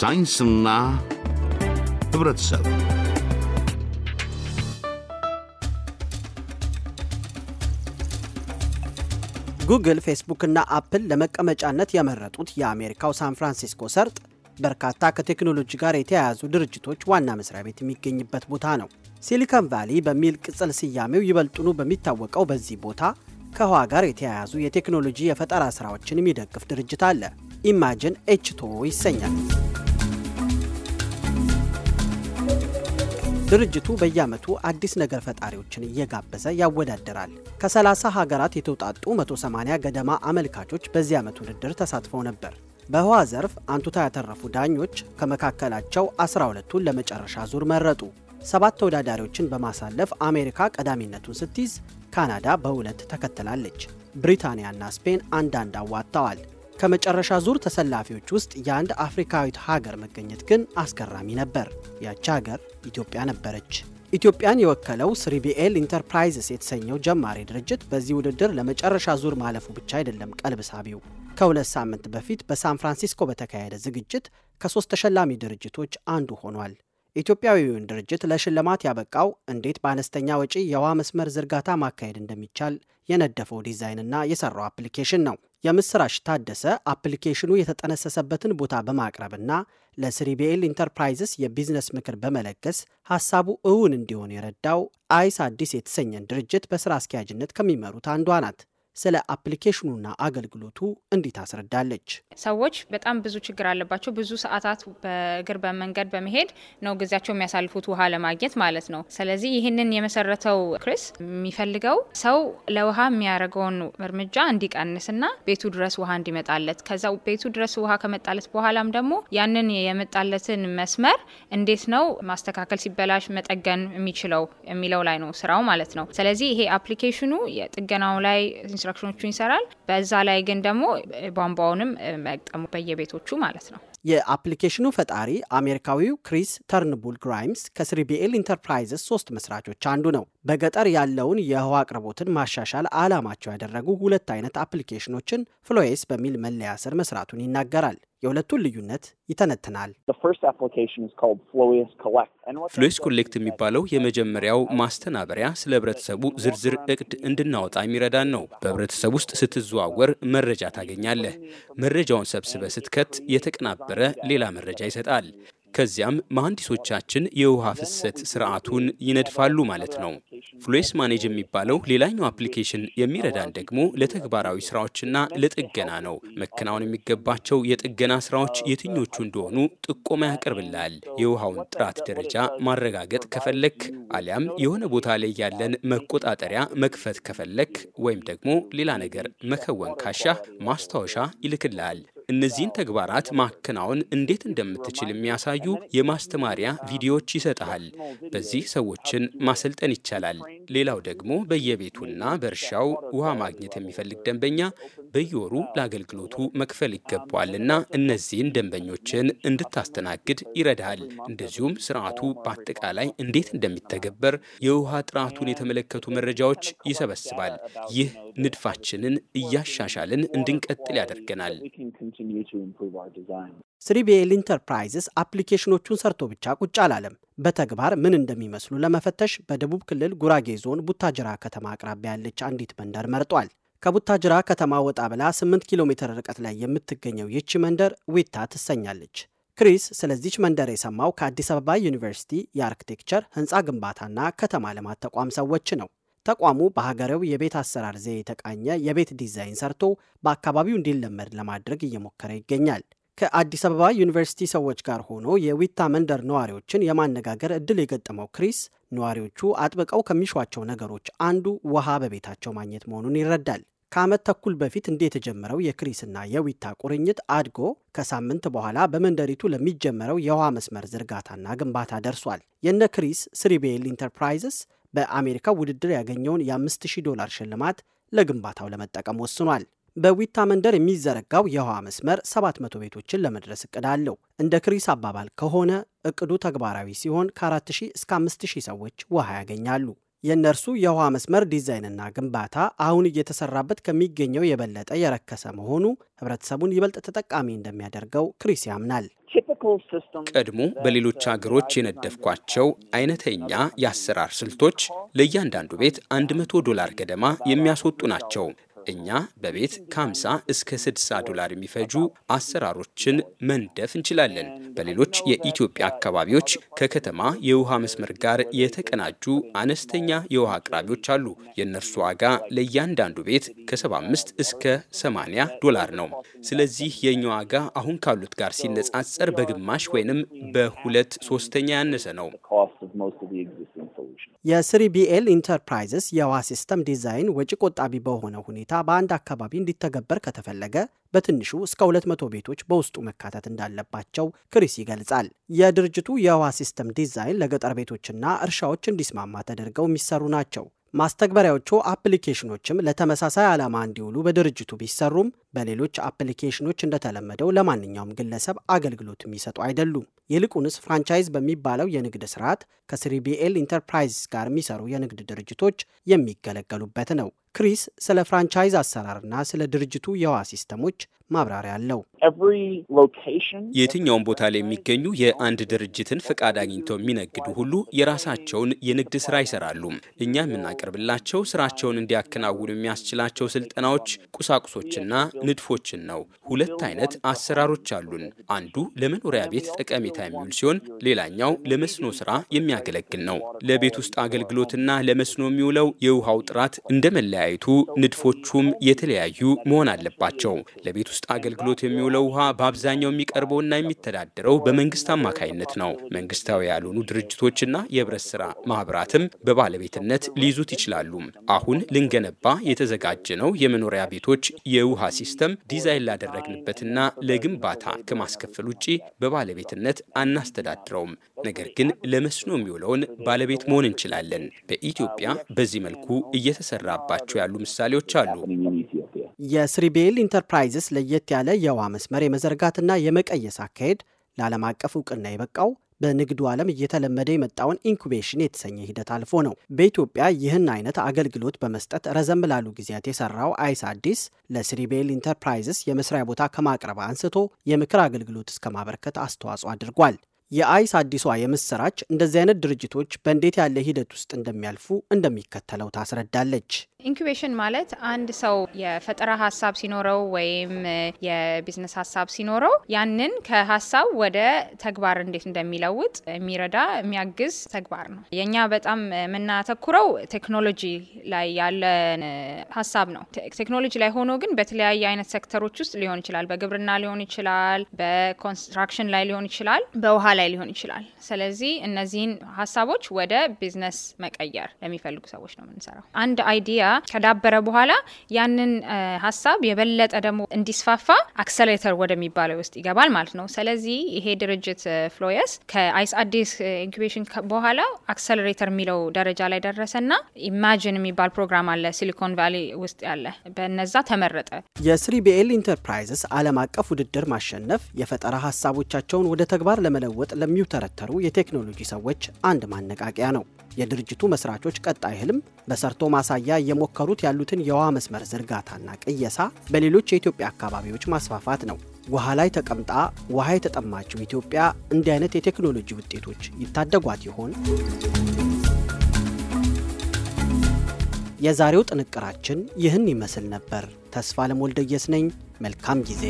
ሳይንስና ህብረተሰብ ጉግል፣ ፌስቡክ ና አፕል ለመቀመጫነት የመረጡት የአሜሪካው ሳን ፍራንሲስኮ ሰርጥ በርካታ ከቴክኖሎጂ ጋር የተያያዙ ድርጅቶች ዋና መስሪያ ቤት የሚገኝበት ቦታ ነው። ሲሊከን ቫሊ በሚል ቅጽል ስያሜው ይበልጡኑ በሚታወቀው በዚህ ቦታ ከህዋ ጋር የተያያዙ የቴክኖሎጂ የፈጠራ ስራዎችን የሚደግፍ ድርጅት አለ። ኢማጅን ኤችቶ ይሰኛል። ድርጅቱ በየዓመቱ አዲስ ነገር ፈጣሪዎችን እየጋበዘ ያወዳደራል። ከ30 ሀገራት የተውጣጡ 180 ገደማ አመልካቾች በዚህ ዓመት ውድድር ተሳትፈው ነበር። በህዋ ዘርፍ አንቱታ ያተረፉ ዳኞች ከመካከላቸው 12ቱን ለመጨረሻ ዙር መረጡ። ሰባት ተወዳዳሪዎችን በማሳለፍ አሜሪካ ቀዳሚነቱን ስትይዝ ካናዳ በሁለት ተከትላለች። ብሪታንያና ስፔን አንዳንድ አዋጥተዋል። ከመጨረሻ ዙር ተሰላፊዎች ውስጥ የአንድ አፍሪካዊት ሀገር መገኘት ግን አስገራሚ ነበር። ያቺ ሀገር ኢትዮጵያ ነበረች። ኢትዮጵያን የወከለው ስሪቢኤል ኢንተርፕራይዝስ የተሰኘው ጀማሪ ድርጅት በዚህ ውድድር ለመጨረሻ ዙር ማለፉ ብቻ አይደለም ቀልብ ሳቢው። ከሁለት ሳምንት በፊት በሳን ፍራንሲስኮ በተካሄደ ዝግጅት ከሶስት ተሸላሚ ድርጅቶች አንዱ ሆኗል። ኢትዮጵያዊውን ድርጅት ለሽልማት ያበቃው እንዴት በአነስተኛ ወጪ የውሃ መስመር ዝርጋታ ማካሄድ እንደሚቻል የነደፈው ዲዛይንና የሰራው አፕሊኬሽን ነው። የምስራች ታደሰ አፕሊኬሽኑ የተጠነሰሰበትን ቦታ በማቅረብና ለስሪቢኤል ኢንተርፕራይዝስ የቢዝነስ ምክር በመለገስ ሀሳቡ እውን እንዲሆን የረዳው አይስ አዲስ የተሰኘን ድርጅት በስራ አስኪያጅነት ከሚመሩት አንዷ ናት። ስለ አፕሊኬሽኑና አገልግሎቱ እንዲህ ታስረዳለች። ሰዎች በጣም ብዙ ችግር አለባቸው። ብዙ ሰዓታት በእግር በመንገድ በመሄድ ነው ጊዜያቸው የሚያሳልፉት ውሃ ለማግኘት ማለት ነው። ስለዚህ ይህንን የመሰረተው ክሪስ የሚፈልገው ሰው ለውሃ የሚያደርገውን እርምጃ እንዲቀንስና ቤቱ ድረስ ውሃ እንዲመጣለት ከዛ ቤቱ ድረስ ውሃ ከመጣለት በኋላም ደግሞ ያንን የመጣለትን መስመር እንዴት ነው ማስተካከል ሲበላሽ መጠገን የሚችለው የሚለው ላይ ነው ስራው ማለት ነው። ስለዚህ ይሄ አፕሊኬሽኑ የጥገናው ላይ ኮንስትራክሽኖቹ ይሰራል። በዛ ላይ ግን ደግሞ ቧንቧውንም መቅጠሙ በየቤቶቹ ማለት ነው። የአፕሊኬሽኑ ፈጣሪ አሜሪካዊው ክሪስ ተርንቡል ግራይምስ ከስሪቢኤል ኢንተርፕራይዝስ ሶስት መስራቾች አንዱ ነው። በገጠር ያለውን የውሃ አቅርቦትን ማሻሻል ዓላማቸው ያደረጉ ሁለት አይነት አፕሊኬሽኖችን ፍሎዌስ በሚል መለያ ስር መስራቱን ይናገራል። የሁለቱን ልዩነት ይተነትናል። ፍሎስ ኮሌክት የሚባለው የመጀመሪያው ማስተናበሪያ ስለ ህብረተሰቡ ዝርዝር እቅድ እንድናወጣ የሚረዳን ነው። በህብረተሰብ ውስጥ ስትዘዋወር መረጃ ታገኛለህ። መረጃውን ሰብስበ ስትከት የተቀናበ እንደነበረ ሌላ መረጃ ይሰጣል። ከዚያም መሐንዲሶቻችን የውሃ ፍሰት ስርዓቱን ይነድፋሉ ማለት ነው። ፍሉስ ማኔጅ የሚባለው ሌላኛው አፕሊኬሽን የሚረዳን ደግሞ ለተግባራዊ ስራዎችና ለጥገና ነው። መከናወን የሚገባቸው የጥገና ስራዎች የትኞቹ እንደሆኑ ጥቆማ ያቀርብልሃል። የውሃውን ጥራት ደረጃ ማረጋገጥ ከፈለክ፣ አሊያም የሆነ ቦታ ላይ ያለን መቆጣጠሪያ መክፈት ከፈለክ፣ ወይም ደግሞ ሌላ ነገር መከወን ካሻህ ማስታወሻ ይልክልሃል። እነዚህን ተግባራት ማከናወን እንዴት እንደምትችል የሚያሳዩ የማስተማሪያ ቪዲዮዎች ይሰጠሃል። በዚህ ሰዎችን ማሰልጠን ይቻላል። ሌላው ደግሞ በየቤቱና በእርሻው ውሃ ማግኘት የሚፈልግ ደንበኛ በየወሩ ለአገልግሎቱ መክፈል ይገባዋልና እነዚህን ደንበኞችን እንድታስተናግድ ይረዳል። እንደዚሁም ስርዓቱ በአጠቃላይ እንዴት እንደሚተገበር የውሃ ጥራቱን የተመለከቱ መረጃዎች ይሰበስባል። ይህ ንድፋችንን እያሻሻልን እንድንቀጥል ያደርገናል። ስሪቤል ኢንተርፕራይዝስ አፕሊኬሽኖቹን ሰርቶ ብቻ ቁጭ አላለም። በተግባር ምን እንደሚመስሉ ለመፈተሽ በደቡብ ክልል ጉራጌ ዞን ቡታጅራ ከተማ አቅራቢያ ያለች አንዲት መንደር መርጧል። ከቡታጅራ ከተማ ወጣ ብላ 8 ኪሎ ሜትር ርቀት ላይ የምትገኘው ይቺ መንደር ዊታ ትሰኛለች። ክሪስ ስለዚች መንደር የሰማው ከአዲስ አበባ ዩኒቨርሲቲ የአርክቴክቸር ህንፃ ግንባታና ከተማ ልማት ተቋም ሰዎች ነው። ተቋሙ በሀገሬው የቤት አሰራር ዘ የተቃኘ የቤት ዲዛይን ሰርቶ በአካባቢው እንዲለመድ ለማድረግ እየሞከረ ይገኛል። ከአዲስ አበባ ዩኒቨርሲቲ ሰዎች ጋር ሆኖ የዊታ መንደር ነዋሪዎችን የማነጋገር እድል የገጠመው ክሪስ ነዋሪዎቹ አጥብቀው ከሚሿቸው ነገሮች አንዱ ውሃ በቤታቸው ማግኘት መሆኑን ይረዳል። ከዓመት ተኩል በፊት እንደ የተጀመረው የክሪስና የዊታ ቁርኝት አድጎ ከሳምንት በኋላ በመንደሪቱ ለሚጀመረው የውሃ መስመር ዝርጋታና ግንባታ ደርሷል። የነ ክሪስ ስሪቤል ኢንተርፕራይዝስ በአሜሪካ ውድድር ያገኘውን የ5000 ዶላር ሽልማት ለግንባታው ለመጠቀም ወስኗል። በዊታ መንደር የሚዘረጋው የውሃ መስመር 700 ቤቶችን ለመድረስ እቅድ አለው። እንደ ክሪስ አባባል ከሆነ እቅዱ ተግባራዊ ሲሆን ከ4000 እስከ 5000 ሰዎች ውሃ ያገኛሉ። የእነርሱ የውሃ መስመር ዲዛይንና ግንባታ አሁን እየተሰራበት ከሚገኘው የበለጠ የረከሰ መሆኑ ህብረተሰቡን ይበልጥ ተጠቃሚ እንደሚያደርገው ክሪስ ያምናል። ቀድሞ በሌሎች ሀገሮች የነደፍኳቸው አይነተኛ የአሰራር ስልቶች ለእያንዳንዱ ቤት 100 ዶላር ገደማ የሚያስወጡ ናቸው። እኛ በቤት ከ50 እስከ 60 ዶላር የሚፈጁ አሰራሮችን መንደፍ እንችላለን። በሌሎች የኢትዮጵያ አካባቢዎች ከከተማ የውሃ መስመር ጋር የተቀናጁ አነስተኛ የውሃ አቅራቢዎች አሉ። የእነርሱ ዋጋ ለእያንዳንዱ ቤት ከ75 እስከ 80 ዶላር ነው። ስለዚህ የእኛ ዋጋ አሁን ካሉት ጋር ሲነጻጸር በግማሽ ወይንም በሁለት ሶስተኛ ያነሰ ነው። የስሪቢኤል ኢንተርፕራይዝስ የውሃ ሲስተም ዲዛይን ወጪ ቆጣቢ በሆነ ሁኔታ በአንድ አካባቢ እንዲተገበር ከተፈለገ በትንሹ እስከ 200 ቤቶች በውስጡ መካተት እንዳለባቸው ክሪስ ይገልጻል። የድርጅቱ የውሃ ሲስተም ዲዛይን ለገጠር ቤቶችና እርሻዎች እንዲስማማ ተደርገው የሚሰሩ ናቸው። ማስተግበሪያዎቹ አፕሊኬሽኖችም ለተመሳሳይ ዓላማ እንዲውሉ በድርጅቱ ቢሰሩም በሌሎች አፕሊኬሽኖች እንደተለመደው ለማንኛውም ግለሰብ አገልግሎት የሚሰጡ አይደሉም። ይልቁንስ ፍራንቻይዝ በሚባለው የንግድ ስርዓት ከስሪቢኤል ኢንተርፕራይዝ ጋር የሚሰሩ የንግድ ድርጅቶች የሚገለገሉበት ነው። ክሪስ ስለ ፍራንቻይዝ አሰራርና ስለ ድርጅቱ የዋ ሲስተሞች ማብራሪያ አለው። የትኛውም ቦታ ላይ የሚገኙ የአንድ ድርጅትን ፈቃድ አግኝተው የሚነግዱ ሁሉ የራሳቸውን የንግድ ስራ ይሰራሉ። እኛ የምናቀርብላቸው ስራቸውን እንዲያከናውኑ የሚያስችላቸው ስልጠናዎች፣ ቁሳቁሶችና ንድፎችን ነው። ሁለት አይነት አሰራሮች አሉን። አንዱ ለመኖሪያ ቤት ጠቀሜታ የሚውል ሲሆን፣ ሌላኛው ለመስኖ ስራ የሚያገለግል ነው። ለቤት ውስጥ አገልግሎትና ለመስኖ የሚውለው የውሃው ጥራት እንደመለ መለያየቱ፣ ንድፎቹም የተለያዩ መሆን አለባቸው። ለቤት ውስጥ አገልግሎት የሚውለው ውሃ በአብዛኛው የሚቀርበውና የሚተዳደረው በመንግስት አማካይነት ነው። መንግስታዊ ያልሆኑ ድርጅቶችና የህብረት ስራ ማህበራትም በባለቤትነት ሊይዙት ይችላሉ። አሁን ልንገነባ የተዘጋጀ ነው የመኖሪያ ቤቶች የውሃ ሲስተም ዲዛይን ላደረግንበትና ለግንባታ ከማስከፈል ውጭ በባለቤትነት አናስተዳድረውም። ነገር ግን ለመስኖ የሚውለውን ባለቤት መሆን እንችላለን። በኢትዮጵያ በዚህ መልኩ እየተሰራባቸው እየሰጧቸው ያሉ ምሳሌዎች አሉ። የስሪቤል ኢንተርፕራይዝስ ለየት ያለ የውሃ መስመር የመዘርጋትና የመቀየስ አካሄድ ለዓለም አቀፍ እውቅና የበቃው በንግዱ ዓለም እየተለመደ የመጣውን ኢንኩቤሽን የተሰኘ ሂደት አልፎ ነው። በኢትዮጵያ ይህን አይነት አገልግሎት በመስጠት ረዘም ላሉ ጊዜያት የሰራው አይስ አዲስ ለስሪቤል ኢንተርፕራይዝስ የመስሪያ ቦታ ከማቅረብ አንስቶ የምክር አገልግሎት እስከ ማበረከት አስተዋጽኦ አድርጓል። የአይስ አዲሷ የምስራች እንደዚህ አይነት ድርጅቶች በእንዴት ያለ ሂደት ውስጥ እንደሚያልፉ እንደሚከተለው ታስረዳለች። ኢንኩቤሽን ማለት አንድ ሰው የፈጠራ ሀሳብ ሲኖረው ወይም የቢዝነስ ሀሳብ ሲኖረው ያንን ከሀሳብ ወደ ተግባር እንዴት እንደሚለውጥ የሚረዳ የሚያግዝ ተግባር ነው። የእኛ በጣም የምናተኩረው ቴክኖሎጂ ላይ ያለን ሀሳብ ነው። ቴክኖሎጂ ላይ ሆኖ ግን በተለያየ አይነት ሴክተሮች ውስጥ ሊሆን ይችላል። በግብርና ሊሆን ይችላል፣ በኮንስትራክሽን ላይ ሊሆን ይችላል፣ በውሃ ላይ ሊሆን ይችላል። ስለዚህ እነዚህን ሀሳቦች ወደ ቢዝነስ መቀየር ለሚፈልጉ ሰዎች ነው የምንሰራው። አንድ አይዲያ ከዳበረ በኋላ ያንን ሀሳብ የበለጠ ደግሞ እንዲስፋፋ አክሰሌተር ወደሚባለው ውስጥ ይገባል ማለት ነው። ስለዚህ ይሄ ድርጅት ፍሎየስ ከአይስ አዲስ ኢንኩቤሽን በኋላ አክሰሌሬተር የሚለው ደረጃ ላይ ደረሰና ኢማጂን የሚባል ፕሮግራም አለ ሲሊኮን ቫሊ ውስጥ ያለ በነዛ ተመረጠ። የስሪ ኢንተርፕራይዝስ ዓለም አቀፍ ውድድር ማሸነፍ የፈጠራ ሀሳቦቻቸውን ወደ ተግባር ለመለወጥ ለሚውተረተሩ የቴክኖሎጂ ሰዎች አንድ ማነቃቂያ ነው። የድርጅቱ መስራቾች ቀጣይ ህልም በሰርቶ ማሳያ እየሞከሩት ያሉትን የውሃ መስመር ዝርጋታና ቅየሳ በሌሎች የኢትዮጵያ አካባቢዎች ማስፋፋት ነው። ውሃ ላይ ተቀምጣ ውሃ የተጠማችው ኢትዮጵያ እንዲህ አይነት የቴክኖሎጂ ውጤቶች ይታደጓት ይሆን? የዛሬው ጥንቅራችን ይህን ይመስል ነበር። ተስፋ ለሞልደየስ ነኝ። መልካም ጊዜ